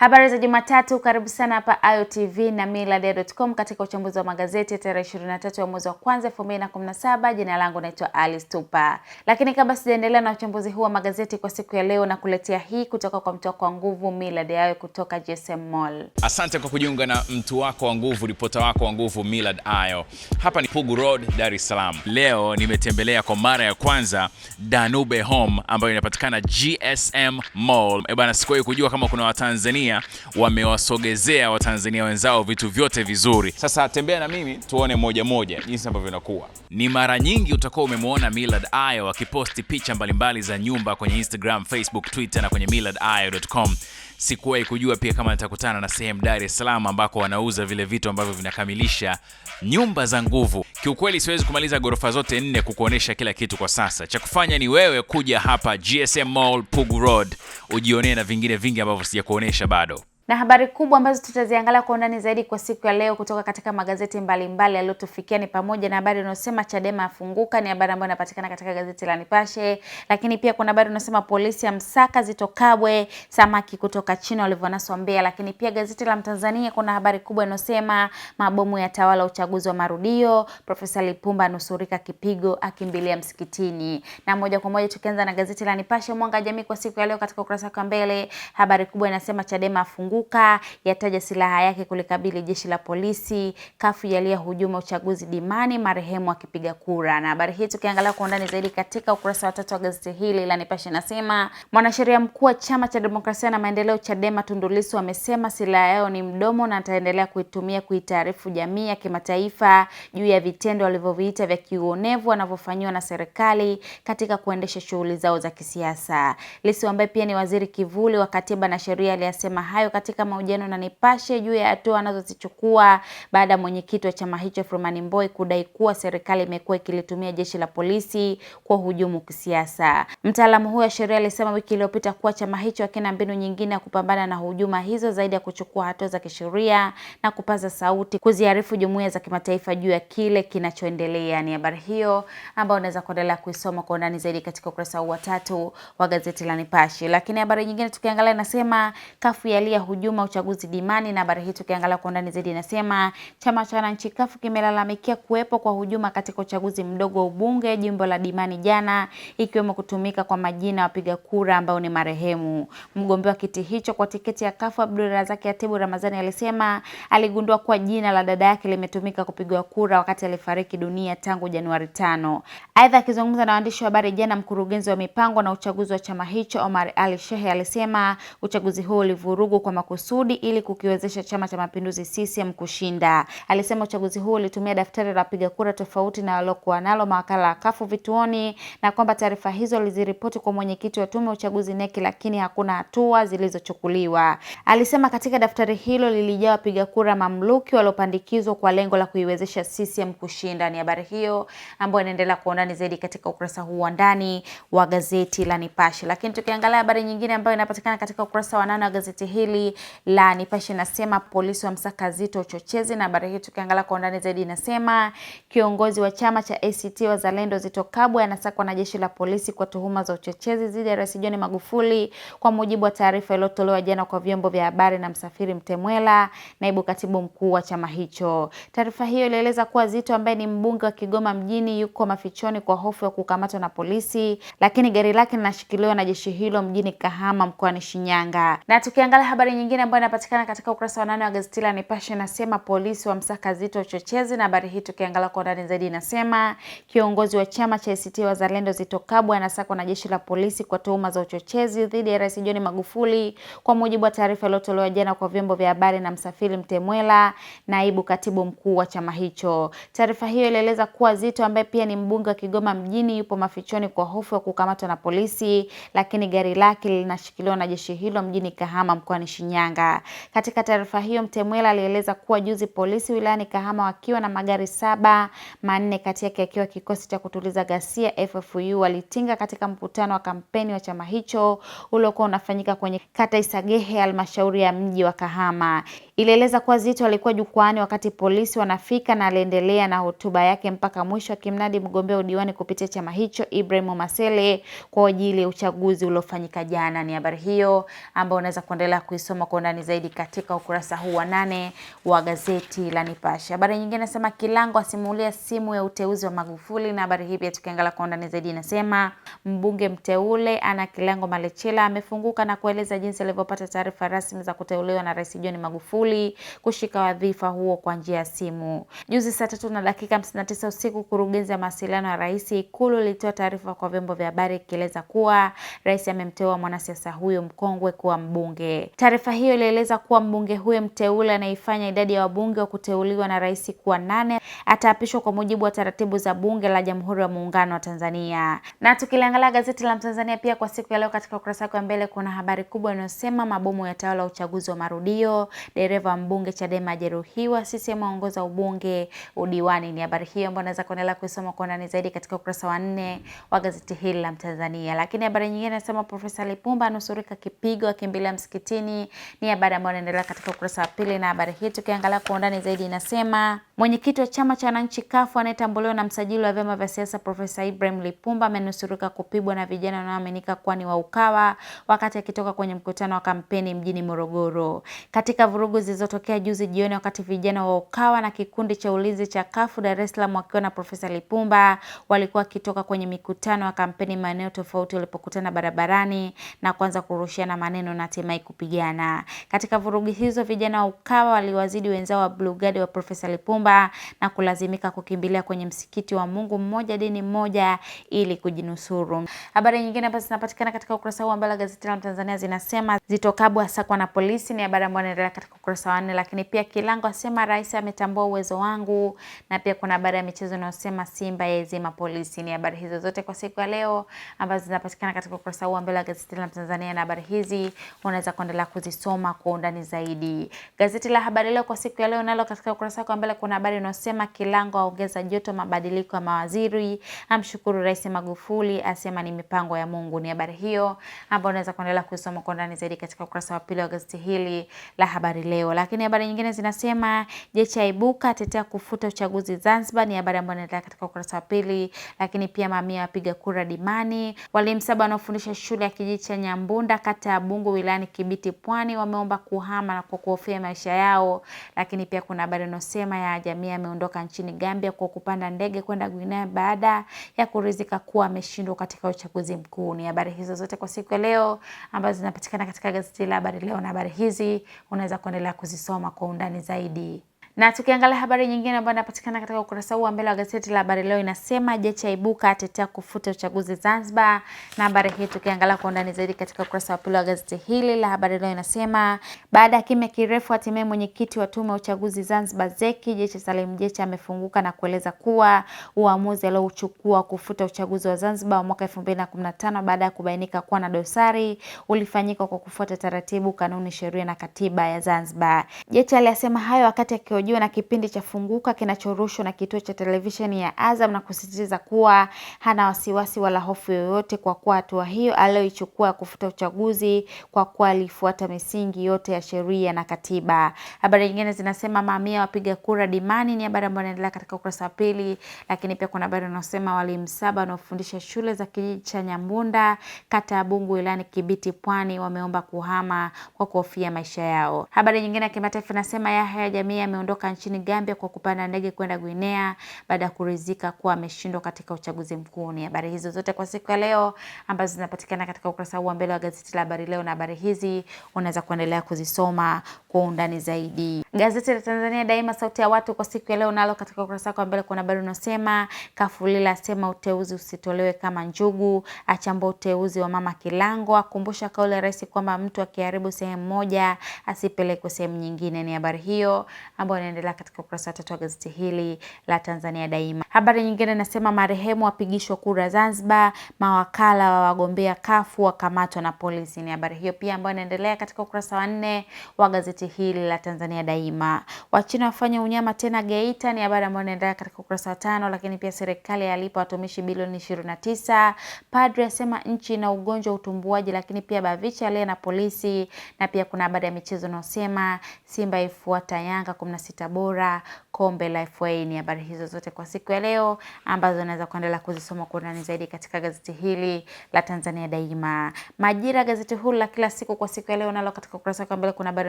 Habari za Jumatatu, karibu sana hapa Ayo TV na millardayo.com katika uchambuzi wa magazeti tarehe 23 ya mwezi wa kwanza 2017. Jina langu naitwa Alice Tupa, lakini kabla sijaendelea na uchambuzi huu wa magazeti kwa siku ya leo, na kuletea hii kutoka kwa mtu wako wa nguvu Millard Ayo kutoka GSM Mall. Asante kwa kujiunga na mtu wako wa nguvu, ripota wako wa nguvu Millard Ayo. Hapa ni Pugu Road, Dar es Salaam. Leo nimetembelea kwa mara ya kwanza Danube Home ambayo inapatikana GSM Mall. Eh bana, sikuwahi kujua kama kuna Watanzania Tanzania wamewasogezea Watanzania wenzao vitu vyote vizuri. Sasa tembea na mimi tuone moja moja jinsi ambavyo inakuwa. Ni mara nyingi utakuwa umemwona Millard Ayo akiposti picha mbalimbali za nyumba kwenye Instagram, Facebook, Twitter na kwenye millardayo.com sikuwahi kujua pia kama nitakutana na sehemu Dar es Salaam ambako wanauza vile vitu ambavyo vinakamilisha nyumba za nguvu. Kiukweli siwezi kumaliza ghorofa zote nne kukuonesha kila kitu kwa sasa. Cha kufanya ni wewe kuja hapa GSM Mall Pugu Road ujionee na vingine vingi ambavyo sijakuonesha bado na habari kubwa ambazo tutaziangalia kwa undani zaidi kwa siku ya leo kutoka katika magazeti mbalimbali yaliyotufikia ni pamoja na habari inayosema Chadema afunguka, ni habari ambayo inapatikana katika gazeti la Nipashe. Lakini pia kuna habari inayosema polisi ya msaka Zitto Kabwe, samaki kutoka China walivyonaswa Mbeya. Lakini pia gazeti la Mtanzania kuna habari kubwa inayosema mabomu ya tawala uchaguzi wa marudio, Profesa Lipumba anusurika kipigo akimbilia msikitini. Na moja kwa moja tukianza na gazeti la Nipashe mwanga jamii kwa siku ya leo, katika ukurasa wa mbele habari kubwa inasema Chadema afunguka Chamuka yataja silaha yake kulikabili jeshi la polisi. Kafu yalia hujuma uchaguzi dimani, marehemu akipiga kura. Na habari hii tukiangalia kwa undani zaidi katika ukurasa wa tatu wa gazeti hili la Nipashe inasema mwanasheria mkuu wa chama cha demokrasia na maendeleo Chadema Tundu Lissu amesema silaha yao ni mdomo na ataendelea kuitumia kuitaarifu jamii ya kimataifa juu ya vitendo walivyoviita vya kiuonevu wanavyofanyiwa na serikali katika kuendesha shughuli zao za kisiasa. Lissu ambaye pia ni waziri kivuli wa katiba na sheria aliyasema hayo katika katika mahojiano na Nipashe juu ya hatua anazozichukua baada ya mwenyekiti wa chama hicho Freeman Mbowe kudai kuwa serikali imekuwa ikilitumia jeshi la polisi kwa hujumu kisiasa. Mtaalamu huyo wa sheria alisema wiki iliyopita kuwa chama hicho hakina mbinu nyingine ya kupambana na hujuma hizo zaidi ya kuchukua hatua za kisheria na kupaza sauti, kuziarifu jumuiya za kimataifa juu ya kile kinachoendelea. Ni habari hiyo ambayo unaweza kuendelea kuisoma kwa undani zaidi katika ukurasa wa tatu wa gazeti la Nipashe. Lakini habari nyingine tukiangalia, inasema kafu yalia hujuma uchaguzi dimani, na habari hii tukiangalia kwa undani zaidi inasema chama cha wananchi kafu kimelalamikia kuwepo kwa hujuma katika uchaguzi mdogo wa ubunge jimbo la dimani jana, ikiwemo kutumika kwa majina wapiga kura ambao ni marehemu. Mgombea wa kiti hicho kwa tiketi ya kafu Abdulrazak Atibu Ramadhani alisema aligundua kuwa jina la dada yake limetumika kupigwa kura wakati alifariki dunia tangu Januari tano. Aidha, akizungumza na waandishi wa habari jana, mkurugenzi wa mipango na uchaguzi wa chama hicho Omar Ali Shehe alisema uchaguzi huo ulivurugu kwa makusudi ili kukiwezesha Chama cha Mapinduzi CCM kushinda. Alisema uchaguzi huu ulitumia daftari la wapiga kura tofauti na waliokuwa nalo mawakala wa kafu vituoni na kwamba taarifa hizo aliziripoti kwa mwenyekiti wa tume ya uchaguzi neki, lakini hakuna hatua zilizochukuliwa. Alisema katika daftari hilo lilijaa wapiga kura mamluki waliopandikizwa kwa lengo la kuiwezesha CCM kushinda. Ni habari hiyo ambayo inaendelea kwa undani zaidi katika ukurasa huu wa ndani wa gazeti la Nipashe. Lakini tukiangalia habari nyingine ambayo inapatikana katika ukurasa wa nane wa gazeti hili la Nipashe nasema polisi wamsaka zito uchochezi, na habari hii tukiangalia kwa undani zaidi inasema kiongozi wa chama cha ACT Wazalendo Zitto Kabwe anasakwa na jeshi la polisi kwa tuhuma za uchochezi dhidi ya Rais John Magufuli, kwa mujibu wa taarifa iliyotolewa jana kwa vyombo vya habari na Msafiri Mtemwela, naibu katibu mkuu wa chama hicho. Taarifa hiyo ilieleza kuwa Zitto ambaye ni mbunge wa Kigoma mjini yuko mafichoni kwa hofu ya kukamatwa na polisi, lakini gari lake linashikiliwa na jeshi hilo mjini Kahama mkoani Shinyanga. Na tukiangalia habari nyingine ambayo inapatikana katika ukurasa wa nane wa gazeti la Nipashe inasema polisi wamsaka Zitto uchochezi, na habari hii tukiangalia kwa ndani zaidi inasema kiongozi wa chama cha ACT Wazalendo Zitto Kabwe anasakwa na jeshi la polisi kwa tuhuma za uchochezi dhidi ya Rais John Magufuli, kwa mujibu wa taarifa iliyotolewa jana kwa vyombo vya habari na Msafiri Mtemwela, naibu katibu mkuu wa chama hicho. Taarifa hiyo ilieleza kuwa Zitto ambaye pia ni mbunge wa Kigoma mjini yupo mafichoni kwa hofu ya kukamatwa na polisi, lakini gari lake linashikiliwa na jeshi hilo mjini Kahama mkoani Shinyanga. Katika taarifa hiyo, Mtemwela alieleza kuwa juzi polisi wilayani Kahama wakiwa na magari saba, manne kati yake yakiwa kikosi cha kutuliza ghasia FFU walitinga katika mkutano wa kampeni wa chama hicho uliokuwa unafanyika kwenye kata Isagehe, halmashauri ya mji wa Kahama. Ilieleza kuwa Zitto alikuwa jukwani wakati polisi wanafika na aliendelea na hotuba yake mpaka mwisho, akimnadi mgombea udiwani kupitia chama hicho Ibrahim Masele kwa ajili ya uchaguzi uliofanyika jana. Ni habari hiyo ambayo unaweza kuendelea kuisoma utaisoma kwa undani zaidi katika ukurasa huu wa nane wa gazeti la Nipashe. Habari nyingine nasema Kilango asimulia simu ya uteuzi wa Magufuli, na habari hii pia tukiangalia kwa undani zaidi inasema mbunge mteule Ana Kilango Malechela amefunguka na kueleza jinsi alivyopata taarifa rasmi za kuteuliwa na Rais John Magufuli kushika wadhifa huo kwa njia ya simu. Juzi saa tatu na dakika 59 usiku, kurugenzi ya mawasiliano ya rais Ikulu ilitoa taarifa kwa vyombo vya habari ikieleza kuwa rais amemteua mwanasiasa huyo mkongwe kuwa mbunge. Taarifa Taarifa hiyo ilieleza kuwa mbunge huyo mteule anaifanya idadi ya wabunge wa kuteuliwa na rais kuwa nane ataapishwa kwa mujibu wa taratibu za Bunge la Jamhuri ya Muungano wa Tanzania. Na tukiliangalia gazeti la Mtanzania pia kwa siku ya leo, katika ukurasa wake wa mbele kuna habari kubwa inayosema mabomu yatawala uchaguzi wa marudio, dereva wa mbunge Chadema ajeruhiwa, CCM aongoza ubunge udiwani. Ni habari hiyo ambayo unaweza kuendelea kuisoma kwa undani zaidi katika ukurasa wa nne wa gazeti hili la Mtanzania. Lakini habari nyingine inasema Profesa Lipumba anusurika kipigo akimbilia msikitini ni habari ambayo inaendelea katika ukurasa wa pili, na habari hii tukiangalia kwa undani zaidi inasema mwenyekiti wa chama cha wananchi kafu anayetambuliwa na msajili wa vyama vya siasa Profesa Ibrahim Lipumba amenusurika kupigwa na vijana wanaoaminika kuwa ni wa Ukawa wakati akitoka kwenye mkutano wa kampeni mjini Morogoro. Katika vurugu zilizotokea juzi jioni, wakati vijana wa Ukawa na kikundi cha ulinzi cha kafu Dar es Salaam wakiwa na Profesa Lipumba walikuwa wakitoka kwenye mikutano ya kampeni maeneo tofauti, walipokutana barabarani na kuanza kurushiana maneno na hatimaye kupigana. Katika vurugu hizo, vijana wa Ukawa waliwazidi wenzao wa Blugadi wa Profesa Lipumba na kulazimika kukimbilia kwenye msikiti wa Mungu mmoja dini moja ili kujinusuru. Habari nyingine ambazo zinapatikana katika ukurasa huu ambao gazeti la Tanzania zinasema zitokabwa sakwa na polisi, ni habari ambayo inaendelea katika ukurasa wa nne. Lakini pia Kilango asema rais ametambua uwezo wangu, na pia kuna habari ya michezo inayosema Simba yaizima polisi. Ni habari hizo zote kwa siku ya leo ambazo zinapatikana katika ukurasa huu wa mbele wa gazeti la Tanzania, na habari hizi unaweza kuendelea kuzi ukisoma kwa undani zaidi. Gazeti la Habari Leo kwa siku ya leo nalo katika ukurasa wa mbele kuna habari inayosema Kilango aongeza joto mabadiliko ya mawaziri, amshukuru Rais Magufuli, asema ni mipango ya Mungu. Ni habari hiyo ambayo unaweza kuendelea kusoma kwa undani zaidi katika ukurasa wa pili wa gazeti hili la Habari Leo. Lakini habari nyingine zinasema jeshi aibuka tetea kufuta uchaguzi Zanzibar, ni habari ambayo inaendelea katika ukurasa wa pili. Lakini pia mamia wapiga kura dimani, walimu saba wanaofundisha shule ya kijiji cha Nyambunda kata ya Bungu wilayani Kibiti Pwani kwani wameomba kuhama na kwa kuhofia maisha yao. Lakini pia kuna habari inayosema ya Jamii ameondoka nchini Gambia kwa kupanda ndege kwenda Guinea baada ya kuridhika kuwa ameshindwa katika uchaguzi mkuu. Ni habari hizo zote kwa siku ya leo ambazo zinapatikana katika gazeti la Habari Leo, na habari hizi unaweza kuendelea kuzisoma kwa undani zaidi. Na tukiangalia habari nyingine ambayo inapatikana katika ukurasa huu wa mbele wa gazeti la Habari Leo inasema Jecha ibuka atetea kufuta uchaguzi Zanzibar. Na habari hii tukiangalia kwa undani zaidi katika ukurasa wa pili wa gazeti hili la Habari Leo inasema baada ya kimya kirefu, hatimaye mwenyekiti wa tume ya uchaguzi Zanzibar Zeki Jecha Salim Jecha amefunguka na kueleza kuwa uamuzi aliochukua kufuta uchaguzi wa Zanzibar wa mwaka 2015 baada ya kubainika kuwa na dosari ulifanyika kwa kufuata taratibu, kanuni, sheria na katiba ya Zanzibar. Jecha aliyasema hayo wakati alihojiwa na kipindi cha Funguka kinachorushwa na kituo cha televisheni ya Azam na kusisitiza kuwa hana wasiwasi wala hofu yoyote kwa kuwa hatua hiyo aliyoichukua ya kufuta uchaguzi kwa kuwa alifuata misingi yote ya sheria na katiba. Habari nyingine zinasema mamia wapiga kura dimani, ni habari ambayo inaendelea katika ukurasa wa pili, lakini pia kuna habari inayosema walimu saba wanaofundisha shule za kijiji cha Nyambunda kata ya Bungu wilayani Kibiti Pwani wameomba kuhama kwa kuhofia maisha yao. Habari nyingine ya kimataifa inasema Yahya Jamii ameondoka kuondoka nchini Gambia kwa kupanda ndege kwenda Guinea baada ya kuridhika kuwa ameshindwa katika uchaguzi mkuu. Ni habari hizo zote kwa siku ya leo ambazo zinapatikana katika ukurasa huu wa mbele wa gazeti la Habari Leo, na habari hizi unaweza kuendelea kuzisoma kwa undani zaidi. Gazeti la Tanzania Daima, sauti ya watu, kwa siku ya leo nalo katika ukurasa wa mbele kuna habari unasema Kafulila asema uteuzi usitolewe kama njugu, achambua uteuzi wa mama Kilango, akumbusha kauli ya rais kwamba mtu akiharibu sehemu moja asipelekwe sehemu nyingine. Ni habari hiyo ambayo inaendelea katika ukurasa wa tatu wa gazeti hili la Tanzania Daima. Habari nyingine inasema marehemu apigishwa kura Zanzibar, mawakala wa wagombea kafu wakamatwa na polisi. Ni habari hiyo pia ambayo inaendelea katika ukurasa wa nne wa gazeti hili la Tanzania Daima. Wachina wafanya unyama tena Geita, ni habari ambayo inaendelea katika ukurasa wa tano. Lakini pia serikali alipa watumishi bilioni ishirini na tisa. Padre asema nchi ina ugonjwa utumbuaji, lakini pia Bavicha aliye na polisi, na pia kuna habari ya michezo inayosema Simba ifuata Yanga kumi na sita AFC Tabora, kombe la Lifeway. Ni habari hizo zote kwa siku ya leo ambazo unaweza kuendelea kuzisoma kwa undani zaidi katika gazeti hili la Tanzania Daima. Majira gazeti hili la kila siku kwa siku ya leo, nalo katika ukurasa wa mbele kuna habari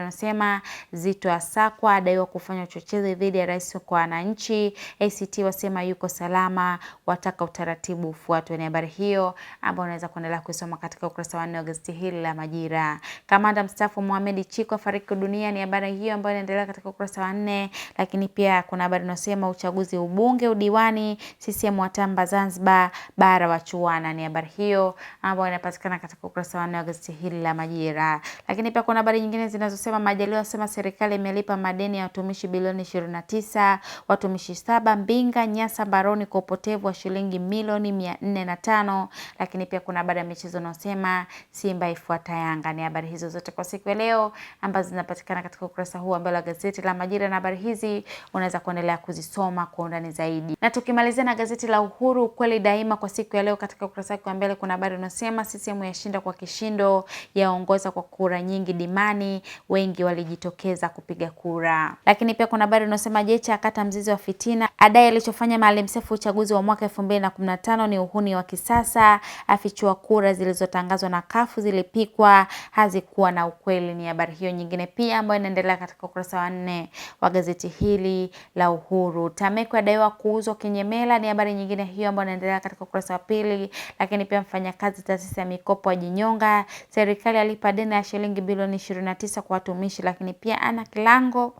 inasema Zito asakwa adaiwa kufanya uchochezi dhidi ya rais kwa wananchi, ACT wasema yuko salama, wataka utaratibu ufuatwe. Ni habari hiyo ambayo unaweza kuendelea kuisoma katika ukurasa wa nne wa gazeti hili la Majira. Kamanda mstaafu Mohamed Chiko afariki dunia, ni habari hiyo ambayo inaendelea katika ukurasa wa nne mengine, lakini pia kuna habari inasema uchaguzi ubunge, udiwani, CCM watamba Zanzibar bara wachuana. Ni habari hiyo ambayo inapatikana katika ukurasa wa nne wa gazeti hili la Majira. Lakini pia kuna habari nyingine zinazosema Majaliwa asema serikali imelipa madeni ya watumishi bilioni 29, watumishi saba Mbinga, Nyasa, baroni kwa upotevu wa shilingi milioni 405. Lakini pia kuna habari ya michezo inayosema Simba ifuata Yanga. Ni habari hizo zote kwa siku ya leo ambazo zinapatikana katika ukurasa huu wa mbele wa gazeti la Majira na habari hizi unaweza kuendelea kuzisoma kwa undani zaidi. Na tukimalizia na gazeti la Uhuru ukweli daima kwa siku ya leo, katika ukurasa wake wa mbele kuna habari unasema CCM yashinda kwa kishindo, yaongoza kwa kura nyingi dimani, wengi walijitokeza kupiga kura. Lakini pia kuna habari unasema Jecha akata mzizi wa fitina, adai alichofanya Maalim Seif uchaguzi wa mwaka 2015 ni uhuni wa kisasa, afichua kura zilizotangazwa na kafu zilipikwa hazikuwa na ukweli. Ni habari hiyo nyingine pia ambayo inaendelea katika ukurasa wa nne wa gazeti hili la Uhuru. Tameko yadaiwa kuuzwa kinyemela, ni habari nyingine hiyo ambayo inaendelea katika ukurasa wa pili. Lakini pia mfanyakazi taasisi ya mikopo jinyonga serikali alipa deni ya shilingi bilioni 29 kwa watumishi, lakini pia ana Kilango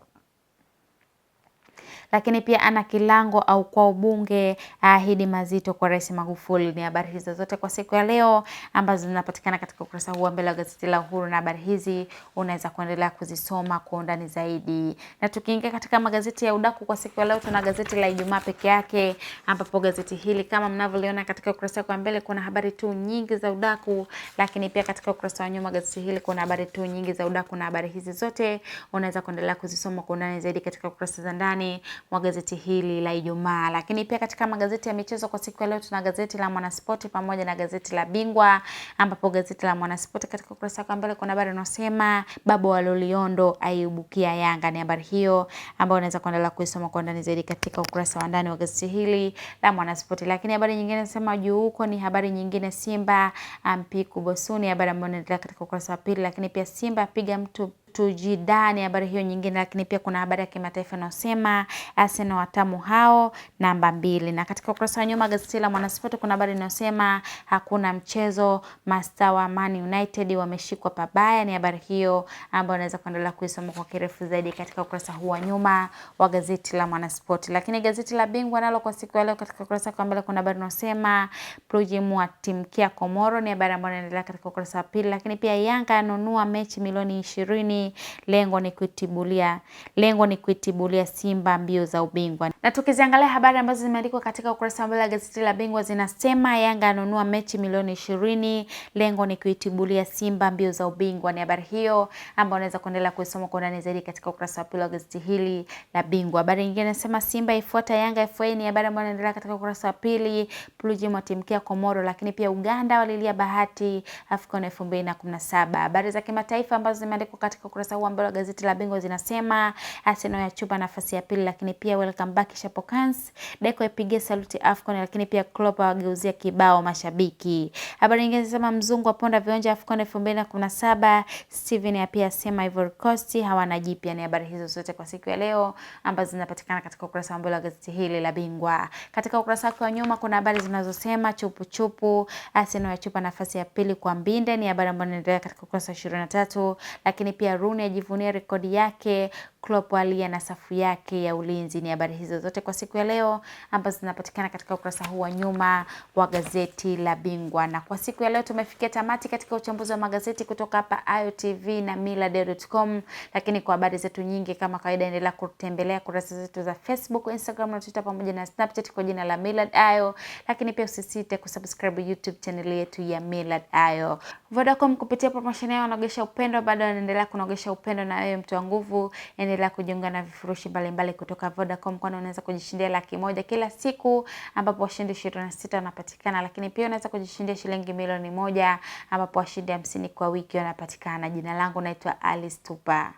lakini pia ana kilango au kwa ubunge ahidi mazito kwa Rais Magufuli. Ni habari hizo zote kwa siku ya leo ambazo zinapatikana katika ukurasa huu wa mbele wa gazeti la Uhuru, na habari hizi unaweza kuendelea kuzisoma kwa undani zaidi. Na tukiingia katika magazeti ya udaku kwa siku ya leo, tuna gazeti la Ijumaa peke yake, ambapo gazeti hili kama mnavyoliona katika ukurasa wa mbele kuna habari tu nyingi za udaku, lakini pia katika ukurasa wa nyuma gazeti hili kuna habari tu nyingi za udaku, na habari hizi zote unaweza kuendelea kuzisoma kwa undani zaidi katika ukurasa za ndani mwa gazeti hili la Ijumaa. Lakini pia katika magazeti ya michezo kwa siku ya leo tuna gazeti la Mwanaspoti pamoja na gazeti la Bingwa, ambapo gazeti la Mwanaspoti katika ukurasa wake mbele kuna habari inasema baba wa Loliondo aibukia Yanga. Ni habari hiyo ambayo unaweza kuendelea kuisoma kwa ndani zaidi katika ukurasa wa ndani wa gazeti hili la Mwanaspoti. Lakini habari nyingine inasema juu huko ni habari nyingine, Simba ampiku ah, Bosuni, habari ambayo inaendelea katika ukurasa wa pili. Lakini pia Simba piga mtu tujidane habari hiyo nyingine, lakini pia kuna habari ya kimataifa inayosema Arsenal watamu hao namba mbili, na katika ukurasa wa nyuma gazeti la Mwanaspoti kuna habari inayosema hakuna mchezo, masta wa Man United wameshikwa pabaya. Ni habari hiyo ambayo unaweza kuendelea kuisoma kwa kirefu zaidi katika ukurasa huu wa nyuma wa gazeti la Mwanaspoti. Lakini gazeti la Bingwa nalo kwa siku ya leo katika ukurasa wa mbele kuna habari inayosema Plujimu atimkia Komoro, ni habari ambayo inaendelea katika ukurasa wa pili, lakini pia Yanga anunua mechi milioni ishirini lengo ni kuitibulia lengo ni kuitibulia Simba mbio za ubingwa. Na tukiziangalia habari ambazo zimeandikwa katika ukurasa wa mbele wa gazeti la Bingwa zinasema Yanga anunua mechi milioni ishirini, lengo ni kuitibulia Simba mbio za ubingwa. Ni habari hiyo ambayo unaweza kuendelea kuisoma kwa undani zaidi katika ukurasa wa pili wa gazeti hili la Bingwa. Habari nyingine inasema Simba ifuata Yanga FA, ni habari ambayo inaendelea katika ukurasa wa pili. Pluji mwatimkia Komoro, lakini pia Uganda walilia bahati AFCON 2017. Habari za kimataifa ambazo zimeandikwa katika ukurasa huu ambao gazeti la Bingwa zinasema Arsenal ya chupa nafasi ya pili, lakini pia welcome back Shapokans, Deco ipigie saluti Afcon, lakini pia Klopp awageuzia kibao mashabiki. Habari nyingine zinasema mzungu aponda viwanja Afcon 2017, Steven pia sema Ivory Coast hawana jipya. Ni habari hizo zote kwa siku ya leo ambazo zinapatikana katika ukurasa wa mbele wa gazeti hili la Bingwa. Katika ukurasa wake wa nyuma kuna habari zinazosema chupu chupu Arsenal ya chupa nafasi ya pili kwa Mbinde, ni habari ambayo inaendelea katika ukurasa wa 23, lakini pia Rooney ajivunie rekodi yake Klopp alia na safu yake ya ulinzi. Ni habari hizo zote kwa siku ya leo ambazo zinapatikana katika ukurasa huu wa nyuma wa gazeti la Bingwa, na kwa siku ya leo tumefikia tamati katika uchambuzi wa magazeti kutoka hapa Ayo na millardayo.com. Lakini kwa habari zetu nyingi kama kawaida, endelea kutembelea kurasa zetu za Facebook, Instagram na Twitter pamoja na Snapchat kwa jina la Millard Ayo, lakini pia usisite kusubscribe YouTube channel yetu ya Millard Ayo. Vodacom kupitia promotion yao wanaogesha upendo, bado wanaendelea kunogesha upendo na wewe mtu wa nguvu unaendelea kujiunga na vifurushi mbalimbali kutoka Vodacom, kwani unaweza kujishindia laki moja kila siku, ambapo washindi 26 wanapatikana. Lakini pia unaweza kujishindia shilingi milioni moja ambapo washindi hamsini kwa wiki wanapatikana. Jina langu naitwa Alice Tupa.